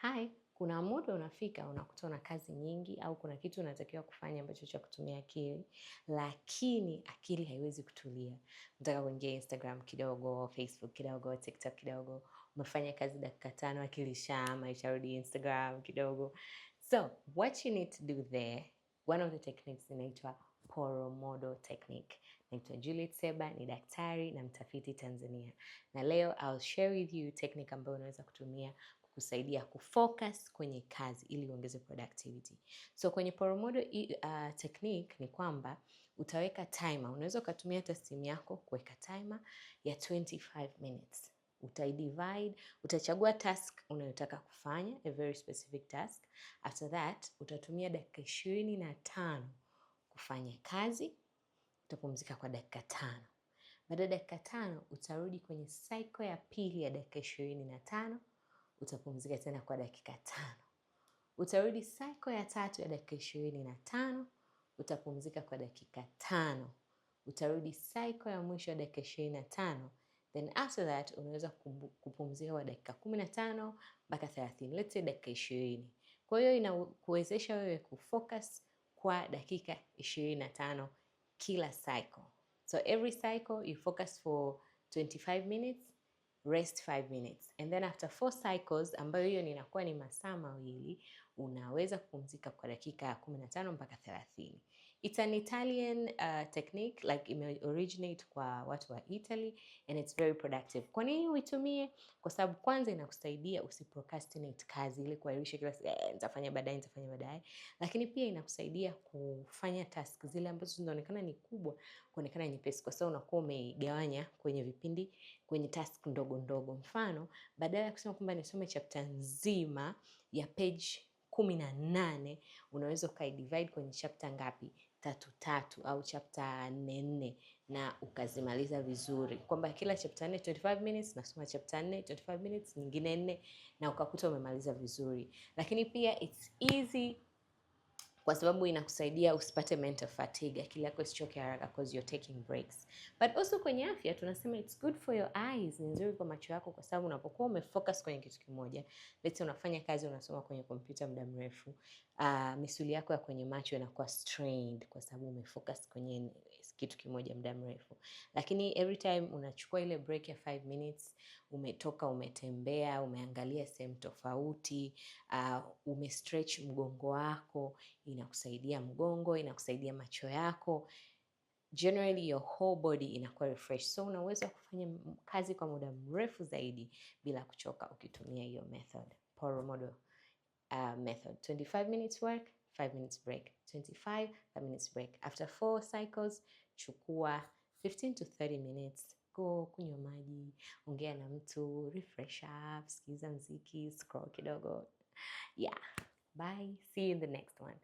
Hai, kuna muda unafika unakuta una kazi nyingi au kuna kitu unatakiwa kufanya ambacho cha kutumia akili, lakini akili haiwezi kutulia. Unataka kuingia Instagram kidogo, Facebook kidogo, TikTok kidogo, umefanya kazi dakika tano, akili shama isharudi Instagram kidogo. So what you need to do there, one of the techniques inaitwa Poromodo technique. Naitwa Juliet Seba, ni daktari na mtafiti Tanzania, na leo I'll share with you technique ambayo unaweza kutumia kusaidia kufocus kwenye kazi ili uongeze productivity. So kwenye Pomodoro uh, technique ni kwamba utaweka timer. Unaweza ukatumia hata simu yako kuweka timer ya 25 minutes. Utaidivide, utachagua task unayotaka kufanya, a very specific task. After that utatumia dakika ishirini na tano kufanya kazi, utapumzika kwa dakika tano. Baada ya dakika tano utarudi kwenye cycle ya pili ya dakika ishirini na tano utapumzika tena kwa dakika tano. Utarudi cycle ya tatu ya dakika ishirini na tano utapumzika kwa dakika tano. Utarudi cycle ya mwisho ya dakika ishirini na tano then after that unaweza kupumzika kwa dakika kumi na tano mpaka thelathini let's say dakika ishirini. Kwa hiyo inakuwezesha wewe kufocus kwa dakika ishirini na tano kila cycle. So every cycle you focus for 25 minutes rest 5 minutes and then after four cycles ambayo hiyo inakuwa ni masaa mawili, unaweza kupumzika kwa dakika kumi na tano mpaka thelathini. It's an Italian uh, technique like ime originate kwa watu wa Italy and it's very productive. Kwa nini uitumie? Kwa sababu kwanza inakusaidia usiprocrastinate kazi ile kuahirisha kila siku, eh, nitafanya baadaye, nitafanya baadaye. Lakini pia inakusaidia kufanya task zile ambazo zinaonekana ni kubwa kuonekana nyepesi, kwa sababu unakuwa umeigawanya kwenye vipindi, kwenye task ndogo ndogo. Mfano, badala ya kusema kwamba nisome chapter nzima ya page kumi na nane unaweza divide kwenye chapter ngapi? tatu tatu au chapta nne nne na ukazimaliza vizuri, kwamba kila chapta nne 25 minutes nasoma chapta nne 25 minutes nyingine nne, na ukakuta umemaliza vizuri. Lakini pia it's easy kwa sababu inakusaidia usipate mental fatigue, akili yako isichoke haraka because you're taking breaks. But also kwenye afya tunasema it's good for your eyes, ni nzuri kwa macho yako, kwa sababu unapokuwa umefocus kwenye kitu kimoja, let's unafanya kazi, unasoma kwenye kompyuta muda mrefu, uh, misuli yako ya kwenye macho inakuwa strained kwa sababu umefocus kwenye kitu kimoja muda mrefu. Lakini every time unachukua ile break ya 5 minutes, umetoka, umetembea, umeangalia sehemu tofauti, uh, umestretch mgongo wako inakusaidia mgongo, inakusaidia macho yako, generally your whole body inakuwa refresh, so unaweza kufanya kazi kwa muda mrefu zaidi bila kuchoka ukitumia hiyo method Pomodoro uh, method 25 minutes work 5 minutes break 25 5 minutes break after 4 cycles chukua 15 to 30 minutes go kunywa maji ongea na mtu refresh up sikiliza mziki scroll kidogo yeah bye see you in the next one